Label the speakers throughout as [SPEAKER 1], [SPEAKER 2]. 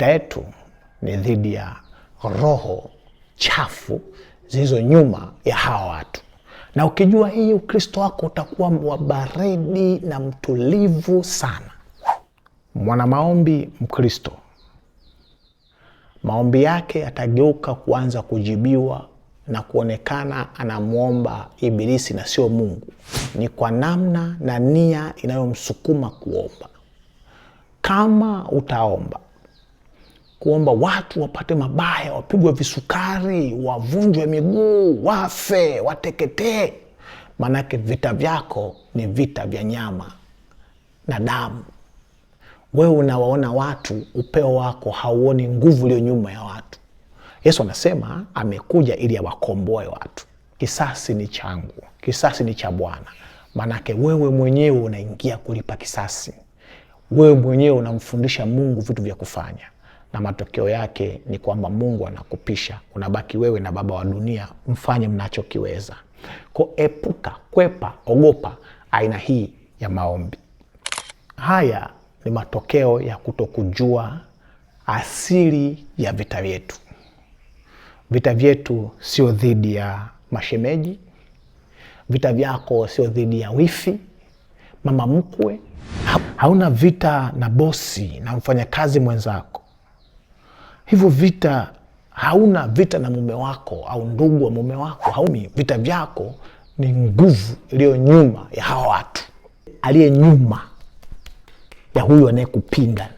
[SPEAKER 1] Vita yetu ni dhidi ya roho chafu zilizo nyuma ya hawa watu, na ukijua hii, Ukristo wako utakuwa wa baridi na mtulivu sana. Mwana maombi Mkristo, maombi yake yatageuka kuanza kujibiwa na kuonekana anamwomba Ibilisi na sio Mungu. Ni kwa namna na nia inayomsukuma kuomba. Kama utaomba kuomba watu wapate mabaya, wapigwe visukari, wavunjwe miguu, wafe, wateketee. Maanake vita vyako ni vita vya nyama na damu. Wewe unawaona watu, upeo wako hauoni nguvu iliyo nyuma ya watu. Yesu anasema amekuja ili awakomboe watu. Kisasi ni changu, kisasi ni cha Bwana. Maanake wewe mwenyewe unaingia kulipa kisasi, wewe mwenyewe unamfundisha Mungu vitu vya kufanya na matokeo yake ni kwamba Mungu anakupisha, unabaki wewe na baba wa dunia, mfanye mnachokiweza. Ko, epuka, kwepa, ogopa aina hii ya maombi. Haya ni matokeo ya kutokujua asili ya vita vyetu. Vita vyetu sio dhidi ya mashemeji, vita vyako sio dhidi ya wifi, mama mkwe. Hauna vita na bosi na mfanyakazi mwenzako hivyo vita hauna vita na mume wako au ndugu wa mume wako haumi. Vita vyako ni nguvu iliyo nyuma ya hawa watu, aliye nyuma ya huyu anayekupinga.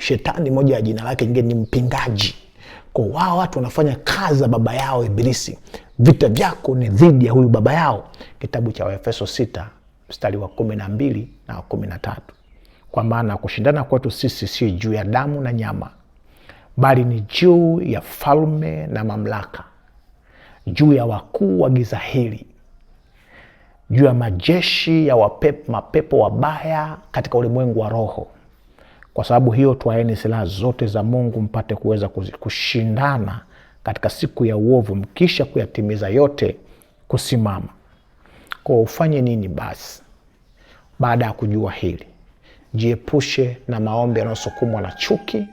[SPEAKER 1] Shetani, moja ya jina lake ingine ni mpingaji. Kwa wao watu wanafanya kazi za baba yao Ibilisi. Vita vyako ni dhidi ya huyu baba yao, kitabu cha Waefeso st mstari wa kumi na mbili na wa kumi na tatu. Kwa maana kushindana kwetu sisi sio juu ya damu na nyama bali ni juu ya falme na mamlaka, juu ya wakuu wa giza hili, juu ya majeshi ya wapepo, mapepo wabaya katika ulimwengu wa roho. Kwa sababu hiyo, twaeni silaha zote za Mungu mpate kuweza kushindana katika siku ya uovu, mkisha kuyatimiza yote kusimama. Kwa ufanye nini basi? Baada ya kujua hili, jiepushe na maombi yanayosukumwa na chuki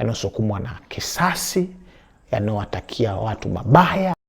[SPEAKER 1] yanayosukumwa na kisasi, yanayowatakia watu mabaya.